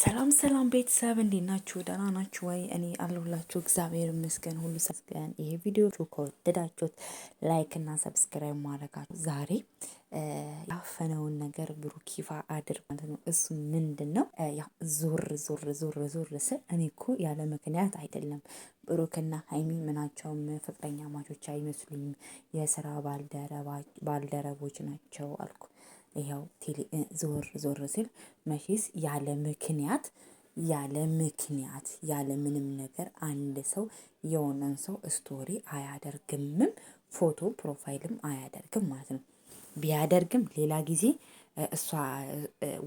ሰላም ሰላም ቤተሰብ እንዴት ናችሁ? ደህና ናችሁ ወይ? እኔ አለሁላችሁ። እግዚአብሔር ይመስገን፣ ሁሉ ሰስገን። ይሄ ቪዲዮ ከወደዳችሁት ላይክ እና ሰብስክራይብ ማድረጋችሁ። ዛሬ ያፈነውን ነገር ብሩክ ይፋ አድርጓል ማለት ነው። እሱ ምንድን ነው? ያው ዞር ዞር ዞር ዞር ስል እኔ እኮ ያለ ምክንያት አይደለም። ብሩክና ሀይሚ ምናቸውም ፍቅረኛ ማቾች አይመስሉኝም፣ የስራ ባልደረቦች ናቸው አልኩ። ይኸው ቴሌ ዞር ዞር ስል መቼስ ያለ ምክንያት ያለ ምክንያት ያለ ምንም ነገር አንድ ሰው የሆነን ሰው ስቶሪ አያደርግምም ፎቶ ፕሮፋይልም አያደርግም ማለት ነው። ቢያደርግም ሌላ ጊዜ እሷ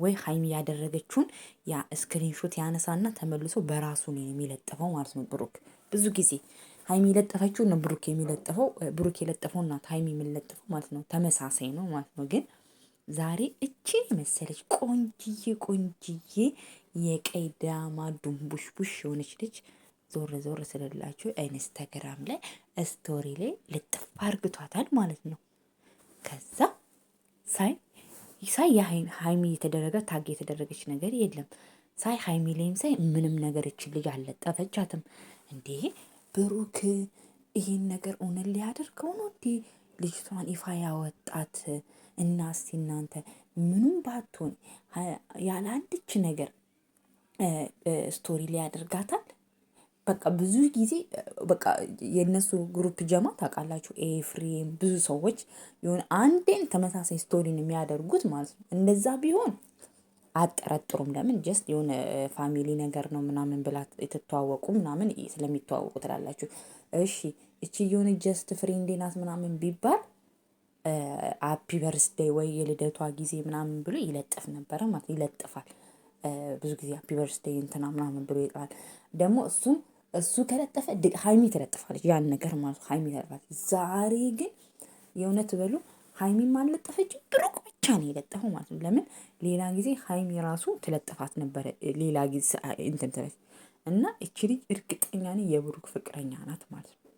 ወይ ሀይሚ ያደረገችውን ያ ስክሪንሾት ያነሳና ተመልሶ በራሱ ነው የሚለጥፈው ማለት ነው። ብሩክ ብዙ ጊዜ ሀይሚ የለጠፈችው ነው ብሩክ የሚለጥፈው ብሩክ እና ሀይሚ የሚለጥፈው ማለት ነው ተመሳሳይ ነው ማለት ነው። ግን ዛሬ እችን የመሰለች ቆንጅዬ ቆንጅዬ የቀይ ዳማ ቡሽ የሆነች ልጅ ዞር ዞር ስለላችሁ ኢንስታግራም ላይ ስቶሪ ላይ ልጥፍ አርግቷታል ማለት ነው። ከዛ ሳይ ሳይ የሀይሚ የተደረገ ታግ የተደረገች ነገር የለም ሳይ ሀይሚ ላይም ሳይ ምንም ነገር እችን ልጅ አልለጠፈቻትም። እንዴ ብሩክ ይህን ነገር እውነት ሊያደርገው ነው እንዴ? ልጅቷን ይፋ ያወጣት እና እስቲ እናንተ ምኑም ባትሆን ያለ አንድች ነገር ስቶሪ ላይ ያደርጋታል። በቃ ብዙ ጊዜ በቃ የእነሱ ግሩፕ ጀማ ታውቃላችሁ፣ ኤፍሬም ብዙ ሰዎች የሆነ አንዴን ተመሳሳይ ስቶሪን የሚያደርጉት ማለት ነው። እንደዛ ቢሆን አጠረጥሩም። ለምን ጀስት የሆነ ፋሚሊ ነገር ነው ምናምን ብላ የትተዋወቁ ምናምን ስለሚተዋወቁ ትላላችሁ። እሺ እቺ የሆነ ጀስት ፍሬንዴ ናት ምናምን ቢባል ሃፒ በርስደይ ወይ የልደቷ ጊዜ ምናምን ብሎ ይለጥፍ ነበረ ማለት ይለጥፋል። ብዙ ጊዜ ሃፒ በርስደይ እንትና ምናምን ብሎ ይጥላል። ደግሞ እሱም እሱ ከለጠፈ ሀይሚ ትለጥፋለች ያን ነገር ማለት ሀይሚ ትለጥፋለች። ዛሬ ግን የእውነት በሉ ሀይሚም አልለጠፈችም ብሩክ ብቻ ነው የለጠፈው ማለት ነው። ለምን ሌላ ጊዜ ሀይሚ ራሱ ትለጥፋት ነበረ ሌላ ጊዜ እንትን ትለች እና እቺ ልጅ እርግጠኛ ነኝ የብሩክ ፍቅረኛ ናት ማለት ነው።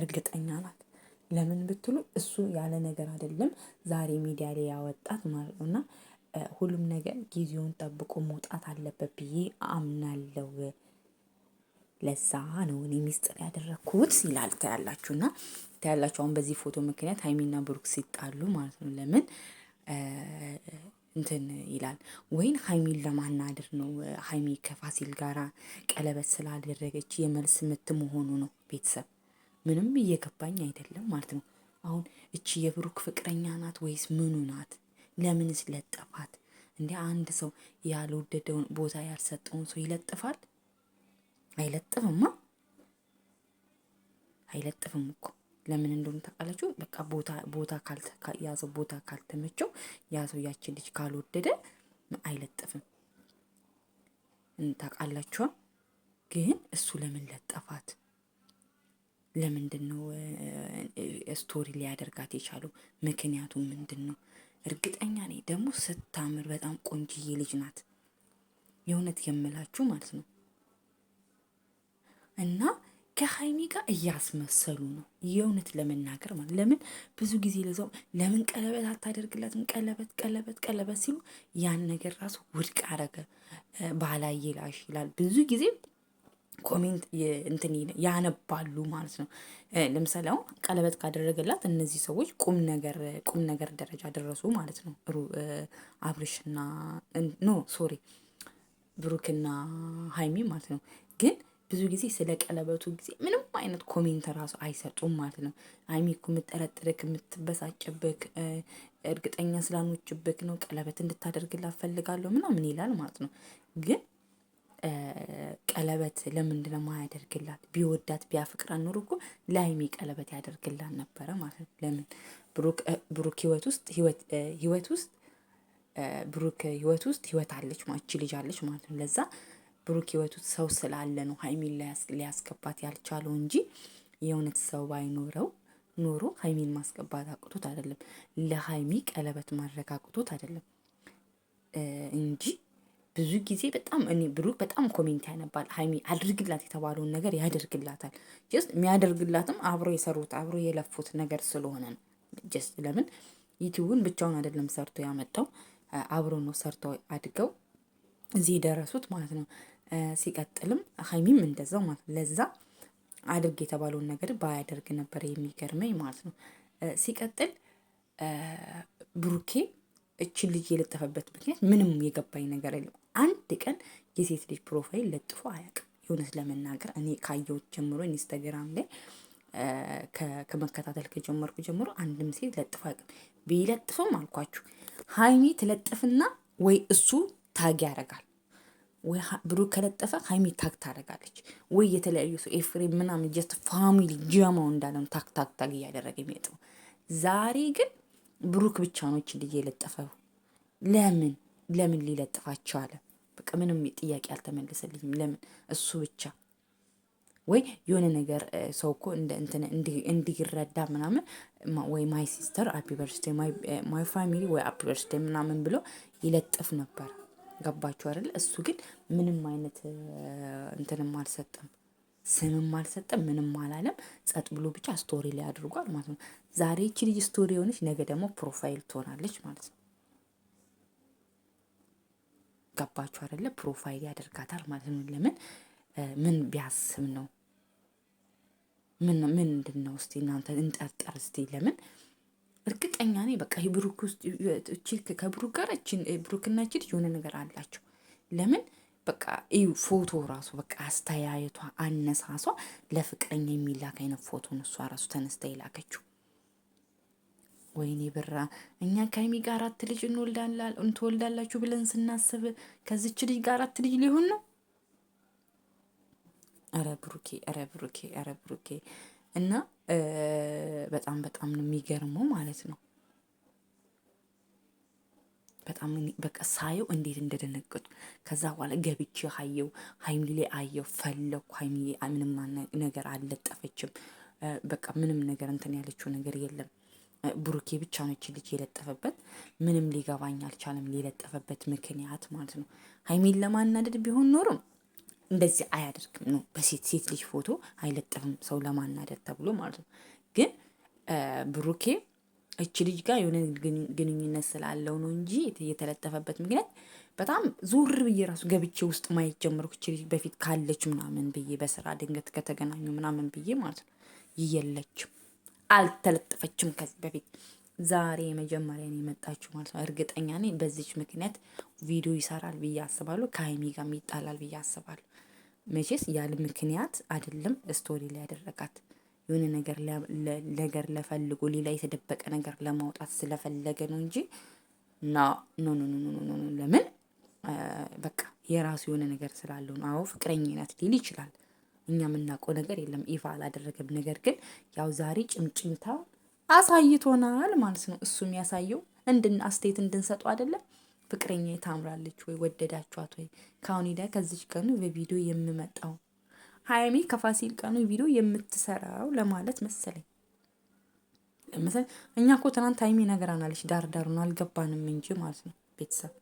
እርግጠኛ ናት ለምን ብትሉ እሱ ያለ ነገር አይደለም ዛሬ ሚዲያ ላይ ያወጣት ማለት ነው። እና ሁሉም ነገር ጊዜውን ጠብቆ መውጣት አለበት ብዬ አምናለው። ለዛ ነው እኔ ሚስጥር ያደረኩት ይላል ታያላችሁ። እና ታያላችሁ አሁን በዚህ ፎቶ ምክንያት ሀይሚና ብሩክ ሲጣሉ ማለት ነው። ለምን እንትን ይላል ወይን ሀይሚን ለማናደር ነው። ሀይሚ ከፋሲል ጋራ ቀለበት ስላደረገች የመልስ ምት መሆኑ ነው ቤተሰብ ምንም እየገባኝ አይደለም ማለት ነው። አሁን እቺ የብሩክ ፍቅረኛ ናት ወይስ ምኑ ናት? ለምንስ ለጠፋት? እንዲ አንድ ሰው ያልወደደውን ቦታ ያልሰጠውን ሰው ይለጥፋል? አይለጥፍማ፣ አይለጥፍም እኮ ለምን እንደሆነ ታውቃላችሁ? በቃ ቦታ ቦታ ያ ሰው ቦታ ካልተመቸው ያ ሰው ያችን ልጅ ካልወደደ አይለጥፍም። ታውቃላችኋ። ግን እሱ ለምን ለጠፋት? ለምንድን ነው ስቶሪ ሊያደርጋት የቻሉ? ምክንያቱ ምንድን ነው? እርግጠኛ ነኝ ደግሞ ስታምር በጣም ቆንጅዬ ልጅ ናት። የእውነት የምላችሁ ማለት ነው እና ከሀይሚ ጋር እያስመሰሉ ነው የእውነት ለመናገር ማለት ለምን ብዙ ጊዜ ለዛው ለምን ቀለበት አታደርግለትም ቀለበት ቀለበት ቀለበት ሲሉ ያን ነገር ራሱ ውድቅ አረገ። ባህላዬ ላሽ ይላል ብዙ ጊዜ ኮሜንት እንትን ያነባሉ ማለት ነው። ለምሳሌ አሁን ቀለበት ካደረገላት እነዚህ ሰዎች ቁም ነገር ቁም ነገር ደረጃ ደረሱ ማለት ነው። አብርሽና ኖ ሶሪ ብሩክና ሀይሚ ማለት ነው። ግን ብዙ ጊዜ ስለ ቀለበቱ ጊዜ ምንም አይነት ኮሜንት ራሱ አይሰጡም ማለት ነው። ሀይሚ እኮ የምጠረጥርክ የምትበሳጭብክ እርግጠኛ ስላኖችብክ ነው ቀለበት እንድታደርግላት ፈልጋለሁ ምናምን ይላል ማለት ነው ግን ቀለበት ለምንድን ነው የማያደርግላት? ቢወዳት ቢያፍቅራት ኑሮ እኮ ለሀይሚ ቀለበት ያደርግላት ነበረ ማለት ነው። ለምን ብሩክ ህይወት ውስጥ ህይወት ውስጥ ብሩክ ህይወት ውስጥ ህይወት አለች ማቺ ልጅ አለች ማለት ነው። ለዛ ብሩክ ህይወት ውስጥ ሰው ስላለ ነው ሀይሚን ሊያስገባት ያልቻለው እንጂ የእውነት ሰው ባይኖረው ኖሮ ሀይሚን ማስገባት አቅቶት አይደለም፣ ለሀይሚ ቀለበት ማድረግ አቅቶት አይደለም እንጂ ብዙ ጊዜ በጣም እኔ ብሩክ በጣም ኮሜንት ያነባል። ሀይሚ አድርግላት የተባለውን ነገር ያደርግላታል። ጀስት የሚያደርግላትም አብሮ የሰሩት አብሮ የለፉት ነገር ስለሆነ ነው። ጀስት ለምን ዩቲዩብን ብቻውን አይደለም ሰርቶ ያመጣው አብሮ ነው ሰርቶ አድገው እዚህ የደረሱት ማለት ነው። ሲቀጥልም ሀይሚም እንደዛው ማለት ነው። ለዛ አድርግ የተባለውን ነገር ባያደርግ ነበር የሚገርመኝ ማለት ነው። ሲቀጥል ብሩኬ እችን ልጅ የለጠፈበት ምክንያት ምንም የገባኝ ነገር የለም። አንድ ቀን የሴት ልጅ ፕሮፋይል ለጥፎ አያውቅም። የእውነት ለመናገር እኔ ካየሁት ጀምሮ ኢንስታግራም ላይ ከመከታተል ከጀመርኩ ጀምሮ አንድም ሴት ለጥፎ አያውቅም። ቢለጥፍም አልኳችሁ ሀይሚ ትለጥፍና ወይ እሱ ታግ ያደርጋል ወይ ብሩ ከለጠፈ ሀይሚ ታግ ታደርጋለች ወይ የተለያዩ ሰው ኤፍሬም ምናምን ጀስት ፋሚሊ ጀማው እንዳለን ታክ ታክ ታግ እያደረገ የሚመጣው ዛሬ ግን ብሩክ ብቻ ነው ልጅ የለጠፈው ለምን ለምን ሊለጥፋቸው አለ? በቃ ምንም ጥያቄ አልተመለሰልኝም። ለምን እሱ ብቻ ወይ የሆነ ነገር ሰው እኮ እንዲረዳ ምናምን ወይ ማይ ሲስተር ሃፒ በርስዴ ማይ ፋሚሊ ወይ ሃፒ በርስዴ ምናምን ብሎ ይለጥፍ ነበር። ገባችሁ አይደል? እሱ ግን ምንም አይነት እንትንም አልሰጠም፣ ስምም አልሰጠም፣ ምንም አላለም። ጸጥ ብሎ ብቻ ስቶሪ ላይ አድርጓል ማለት ነው። ዛሬ ይቺ ልጅ ስቶሪ የሆነች ነገ ደግሞ ፕሮፋይል ትሆናለች ማለት ነው። ገባችሁ አይደለ? ፕሮፋይል ያደርጋታል ማለት ነው። ለምን ምን ቢያስብ ነው? ምን ምንድን ነው? እስቲ እናንተ እንጠርጠር እስቲ። ለምን እርግጠኛ ነኝ በቃ ብሩክ ውስጥ ከብሩክ ጋር ብሩክና ችል የሆነ ነገር አላቸው። ለምን በቃ እዩ ፎቶ ራሱ በቃ አስተያየቷ፣ አነሳሷ ለፍቅረኛ የሚላክ አይነት ፎቶ ነው እሷ ራሱ ተነስታ የላከችው። ወይኔ ብራ እኛ ከሀይሚ ጋር አራት ልጅ እንትወልዳላችሁ ብለን ስናስብ ከዚች ልጅ ጋር አራት ልጅ ሊሆን ነው። ኧረ ብሩኬ፣ ኧረ ብሩኬ፣ ኧረ ብሩኬ እና በጣም በጣም ነው የሚገርመው ማለት ነው። በጣም በቃ ሳየው እንዴት እንደደነገጡ ከዛ በኋላ ገብቼ አየው ሀይሚ ላይ አየው ፈለኩ። ሀይሚ ምንም ነገር አልለጠፈችም። በቃ ምንም ነገር እንትን ያለችው ነገር የለም። ብሩኬ ብቻ ነው ይቺ ልጅ የለጠፈበት። ምንም ሊገባኝ አልቻለም፣ የለጠፈበት ምክንያት ማለት ነው። ሀይሚን ለማናደድ ቢሆን ኖርም እንደዚህ አያደርግም ነው። በሴት ሴት ልጅ ፎቶ አይለጠፍም ሰው ለማናደድ ተብሎ ማለት ነው። ግን ብሩኬ እች ልጅ ጋር የሆነ ግንኙነት ስላለው ነው እንጂ የተለጠፈበት ምክንያት በጣም ዞር ብዬ ራሱ ገብቼ ውስጥ ማየት ጀመርኩ። እቺ ልጅ በፊት ካለች ምናምን ብዬ በስራ ድንገት ከተገናኙ ምናምን ብዬ ማለት ነው የለችም አልተለጠፈችም ከዚህ በፊት ዛሬ የመጀመሪያ የመጣችው ማለት ነው። እርግጠኛ ነኝ በዚች ምክንያት ቪዲዮ ይሰራል ብዬ አስባለሁ። ከሀይሚ ጋርም ይጣላል ብዬ አስባለሁ። መቼስ ያለ ምክንያት አይደለም ስቶሪ ላይ ያደረጋት የሆነ ነገር ነገር ለፈልጎ ሌላ የተደበቀ ነገር ለማውጣት ስለፈለገ ነው እንጂ ና ኖ ኖ ኖ ኖ ኖ ለምን በቃ የራሱ የሆነ ነገር ስላለው ነው። አዎ ፍቅረኝነት ሊል ይችላል እኛ የምናውቀው ነገር የለም። ይፋ አላደረገም። ነገር ግን ያው ዛሬ ጭምጭምታ አሳይቶናል ማለት ነው። እሱ የሚያሳየው እንድን አስተያየት እንድንሰጡ አይደለም። ፍቅረኛ ታምራለች ወይ ወደዳችኋት ወይ? ከአሁን ሄዳ ከዚች ቀኑ በቪዲዮ የምመጣው ሀይሚ ከፋሲል ቀኑ ቪዲዮ የምትሰራው ለማለት መሰለኝ። መሰለኝ እኛ እኮ ትናንት ሀይሚ ነገራናለች። ዳር ዳሩን አልገባንም እንጂ ማለት ነው ቤተሰብ